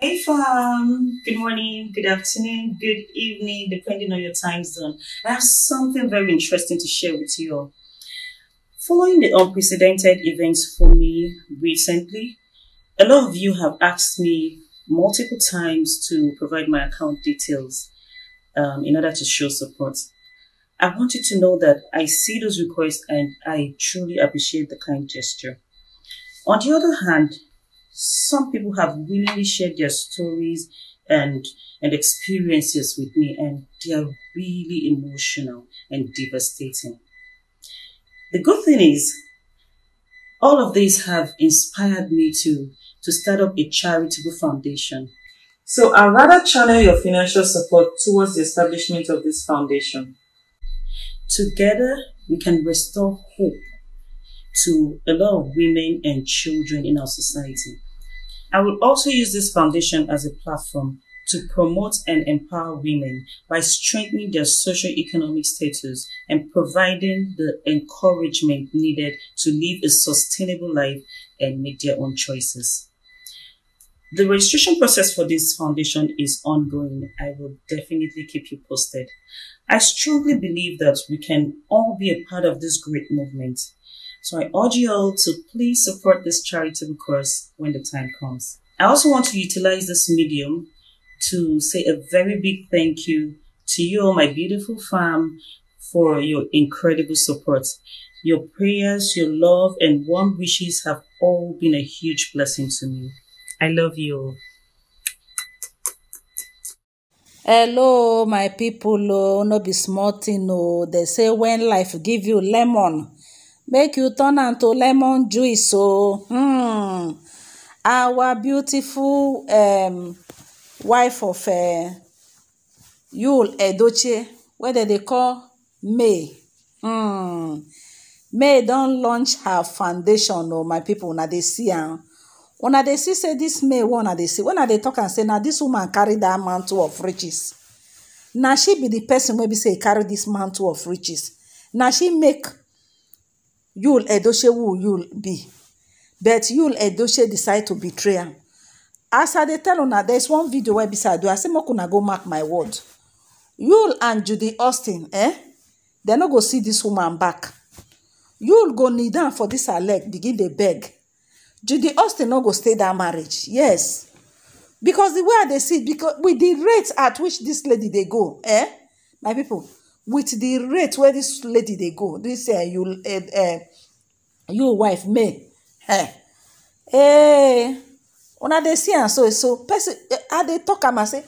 Hey fam, good morning, good afternoon, good evening, depending on your time zone. I have something very interesting to share with you all. Following the unprecedented events for me recently, a lot of you have asked me multiple times to provide my account details um, in order to show support. I want you to know that I see those requests and I truly appreciate the kind gesture. On the other hand, some people have willingly shared their stories and and experiences with me and they are really emotional and devastating the good thing is all of these have inspired me to to start up a charitable foundation so i'd rather channel your financial support towards the establishment of this foundation together we can restore hope to a lot of women and children in our society I will also use this foundation as a platform to promote and empower women by strengthening their social economic status and providing the encouragement needed to live a sustainable life and make their own choices. The registration process for this foundation is ongoing. I will definitely keep you posted. I strongly believe that we can all be a part of this great movement. So I urge you all to please support this charitable cause when the time comes. I also want to utilize this medium to say a very big thank you to you, my beautiful fam, for your incredible support. Your prayers, your love, and warm wishes have all been a huge blessing to me. I love you. Hello, my people. Oh, no be smarting. thing. Oh, they say when life give you lemon, make you turn am to lemon juice oo oh. um hmm. our beautiful um wife of um eh, yul edoche. wey dem dey call may um may don launch her foundation oo oh, my people una dey see am una dey see say dis may one una dey see when i dey talk am say na dis woman carry dat mantle of riches na she be the person wey be say e carry dis mantle of riches na she make Yul Edochie who Yul be. But Yul Edochie decide to betray am. As I dey tell una, there's one video wey be say I say make una go mark my word. Yul and Judy Austin, eh? They no go see this woman back. Yul go kneel down for this her leg, begin dey beg. Judy Austin no go stay that marriage. Yes. Because the way they see because with the rate at which this lady they go, eh? My people, with the rate wey this lady dey go this dis eh, you eh, eh, you wife may eh eh una dey see am so so person i dey talk am I say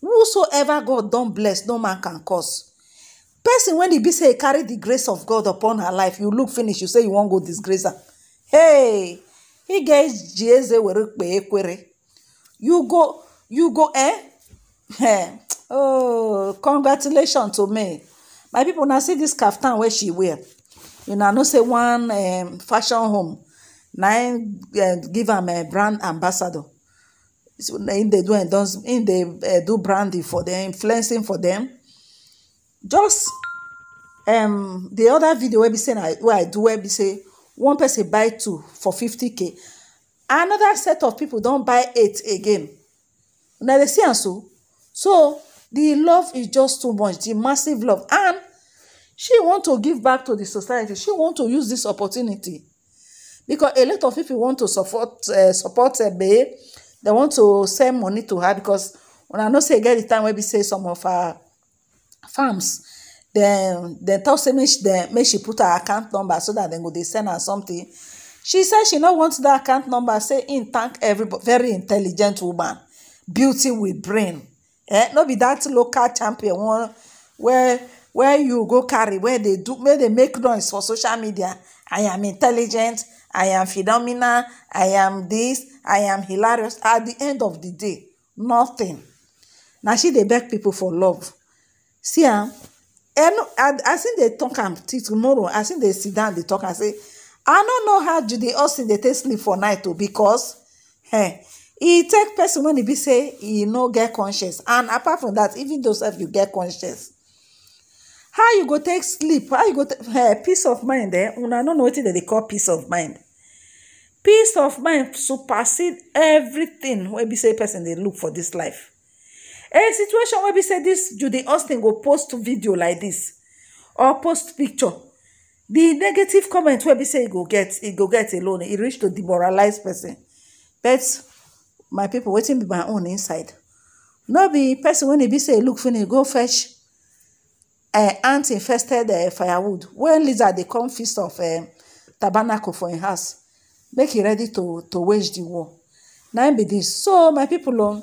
whosoever god don bless no man can curse person when e be say e carry the grace of god upon her life you look finish you say you wan go disgrace am hey he get ji eze were kpee ekwere you go you go eh oh congratulations to me my people na see this kaftan wey she wear You una know say one um fashion home na im uh, give am brand ambassador im dey do im dey uh, do branding for dem influencing for dem just um the other video wey be say wey i do wey be say one person buy two for fifty k another set of people don buy eight again na dey see am so so the love is just too much the massive love and she want to give back to the society she want to use this opportunity because a lot of people want to support uh, support her. babe they want to send money to her because when I know say get the time maybe say some of her farms Then dem tell say make she make she put her account number so that dem go dey send her something she said she no wants that account number say im thank everybody very intelligent woman beauty with brain eh not be that local champion one where you go carry where they do where they make noise for social media i am intelligent i am phenomenal i am this i am hilarious at the end of the day nothing now she they beg people for love see am ah, eh, I see they talk am till tomorrow I see they sit down they talk I say i don't know how judy austin they take sleep for night too oh, because eh he take person when he be say he no get conscience and apart from that even though sef you get conscience how you go take sleep how you go take eh, peace of mind eh una no know what they call peace of mind peace of mind supersede everything when be say person they look for this life a situation where be say this judy austin go post video like this or post picture The negative comment where be say he go get alone he reach to demoralize person but my people wetin be my own inside no be person when e be say e look finish e go fetch eh, ant infested eh, firewood when lizard dey come feast of eh, tabernacle for im e house make e ready to to wage the war na im be this. so my pipo oh,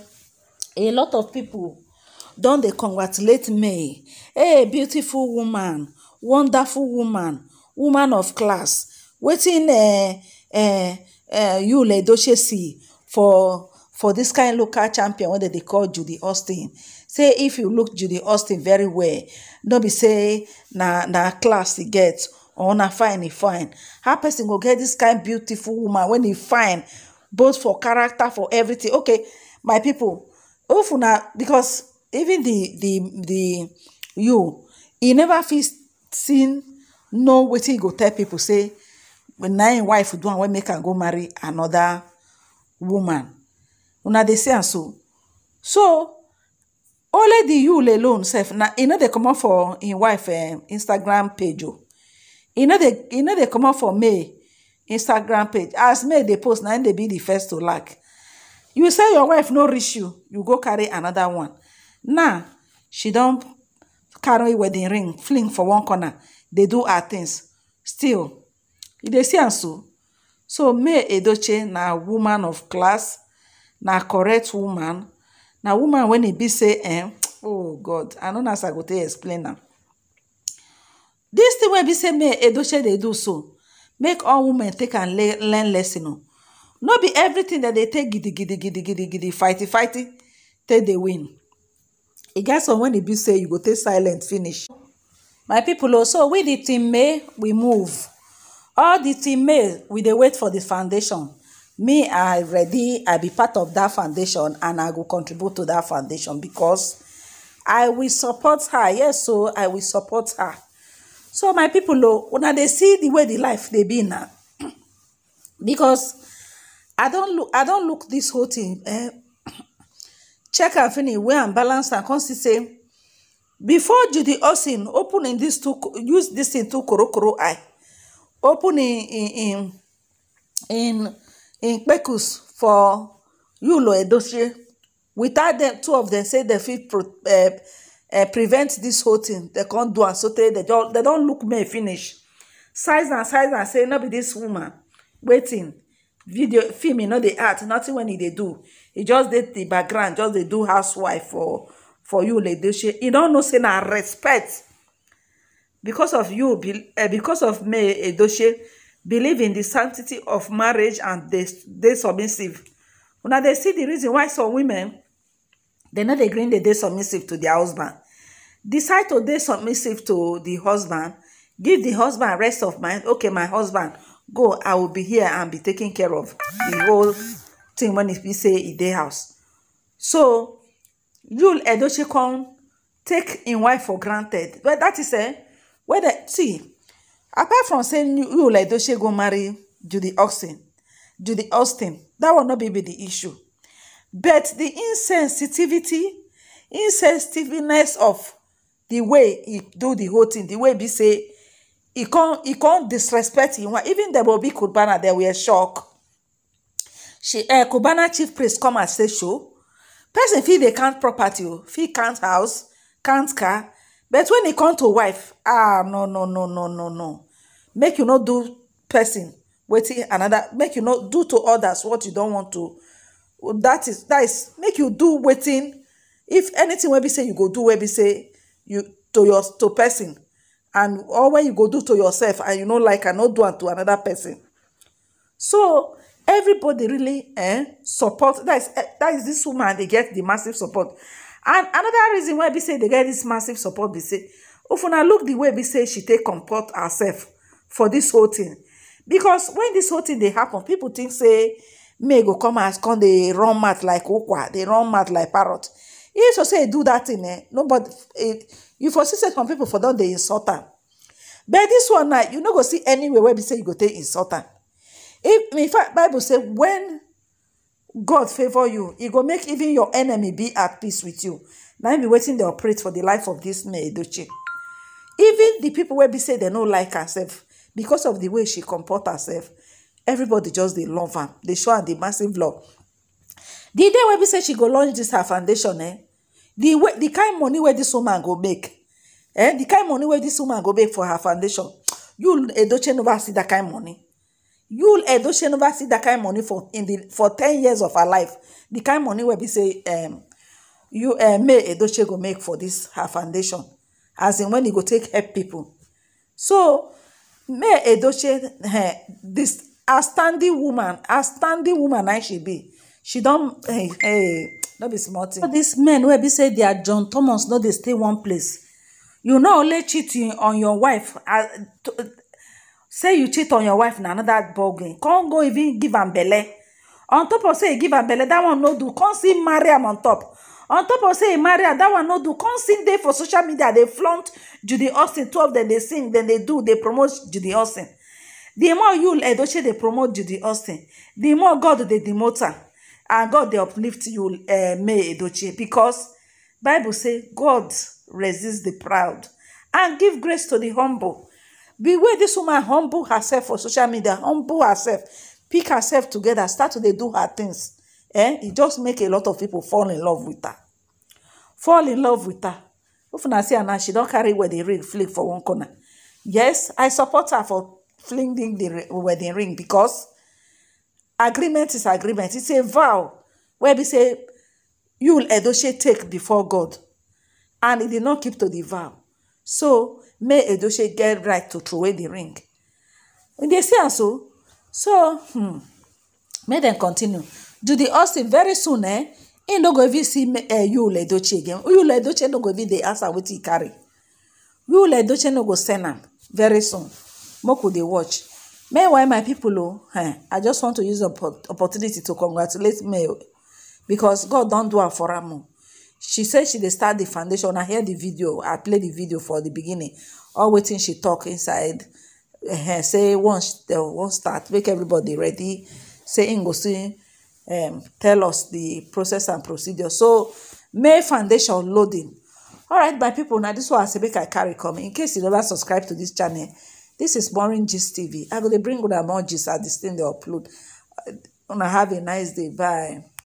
a lot of people, don dey congratulate me? hey beautiful woman wonderful woman woman of class wetin you le ledoche see for for this kind local champion wey they call judy austin say if you look judy austin very well don't be say na na class he get or na fine he fine how person go get this kind beautiful woman when he fine both for character for everything okay my people, if na because even the the the you he never fit seen no wetin he go tell people say when nine wife do am wey make go marry another woman una dey see am so so only the yule alone sef na e no dey comot for im wife eh, instagram page o e, e no dey comot for may instagram page as may dey post na im dey be di first to like you say your wife no reach you you go carry another one now she don carry wedding ring fling for one corner dey do her things still you dey see am so so may edoche na woman of class na correct woman na woman wen e be say eh, oh god i know na as i go take explain am dis thing wey e be say may edoche dey do so make all women take and learn lesson o no be everything dem dey take gidigidi gidigidi fighting fighty take dey win e get some wen e be say you go take silent finish my people o so we the team may we move all the team may we dey wait for the foundation me i ready i be part of that foundation and i go contribute to that foundation because i will support her yes so i will support her so my people, pipo when they see the way the life they be now because i don't look i don't look this whole thing eh check and finish weigh and balance and come see say before judy osin open in dis two use this into kuro kuro eye opening in in in in in kpekus for yulo edochie without dem two of them say they fit eh, eh, prevent this whole thing They can't do am sotey They don look me finish size and size and say no be dis woman waiting video filming. e no dey act nothing when e dey do e just dey the background just dey do housewife for for you ledeche e don know say na respect because of you eh, because of me edoche believe in the sanctity of marriage and they, they submissive Now they see the reason why some women they not dey gree they submissive to their husband decide to be submissive to the husband give the husband rest of mind okay my husband go i will be here and be taking care of the whole thing when we say in their house so yul edochikon take in wife for granted but that is a eh, whether see apart from saying you like Doche go marry Judy Austin, Judy Austin, that will not be the issue. But the insensitivity, insensitiveness of the way he do the whole thing, the way he say, he can't, he can't disrespect him. Even the Bobby Kubana, they were shocked. She, uh, eh, Kubana chief priest come and say show. Person feel they can't property, oh. feel can't house, can't car, but when it come to wife ah no no no no no no make you not do person waiting another make you not do to others what you don't want to that is that is make you do waiting. if anything where we say you go do where we say you to your to person and or when you go do to yourself and you no like and no do am to another person so everybody really eh, support that is eh, that is this woman they get the massive support and another reason why we say the get is massive support we say often I look the way we say she take comport herself for this whole thing, because when this whole thing they happen people think say may go come as come the run mat like okwa they run mat like parrot if you say do that thing, eh nobody eh, you for say some people for that they insult her, but this one night, you no go see anywhere where we say you go take insult her. if in fact bible say when. god favor you He go make even your enemy be at peace with you Now im be waiting. dey operate for the life of this may even the people where be say they no like herself because of the way she comport herself everybody just dey love her. dey show am the massive love The day where be say she go launch this her foundation eh the the kind money where this woman go make eh the kind money where this woman go make for her foundation you edoche never see dat kind money yul edochie never see dat kind money for in the for ten years of her life the kind money wey be say um, you uh, eh, may edochie go make for this her foundation as in when e go take help people. so may edochie uh, this outstanding woman outstanding woman na she be she don eh eh no be small thing. all these men wey be say their john thomas no dey stay one place you no only cheat on your wife ah, say you cheat on your wife na anoda bargain con go even give am belle on top of say you give am belle dat one no do con see marry am on top of say you marry am dat one no do kon see dey for social media dey flaunt austin two of dem dey sing dem dey do dey promote judy austin di more you edoche dey promote judy austin di more god dey demote am and god dey uplift you eh, may edoche becos bible say god resist the proud and give grace to the humble. Be this woman humble herself for social media, humble herself, pick herself together, start to do her things. Eh? It just make a lot of people fall in love with her. Fall in love with her. If I see her now, she don't carry wedding ring flick for one corner. Yes, I support her for flinging the wedding ring because agreement is agreement. It's a vow where we say you will Edoche take before God. And he did not keep to the vow. So May edoche get right to throw away the ring we dey see am so so hmm May then continue Do judy austin very soon eh im no go even see eh, yule edoche again yule edoche no go even the ask her wetin e carry yule edoche no go send him very soon make we dey watch meanwhile my people oh, eh i just want to use the opportunity to congratulate me oh, because god don't do it for him more. she say she dey start di foundation i hear di video i play di video for di beginning all wetin she talk inside eh, say wan wan eh, start make everybody ready say im go tell us di process and procedure so main foundation loading. alright my people na dis one i say e make i carry come in case you never subscribe to dis channel dis is boring gist tv i go dey bring you da more gist as dis thing dey upload. una have a nice day bye.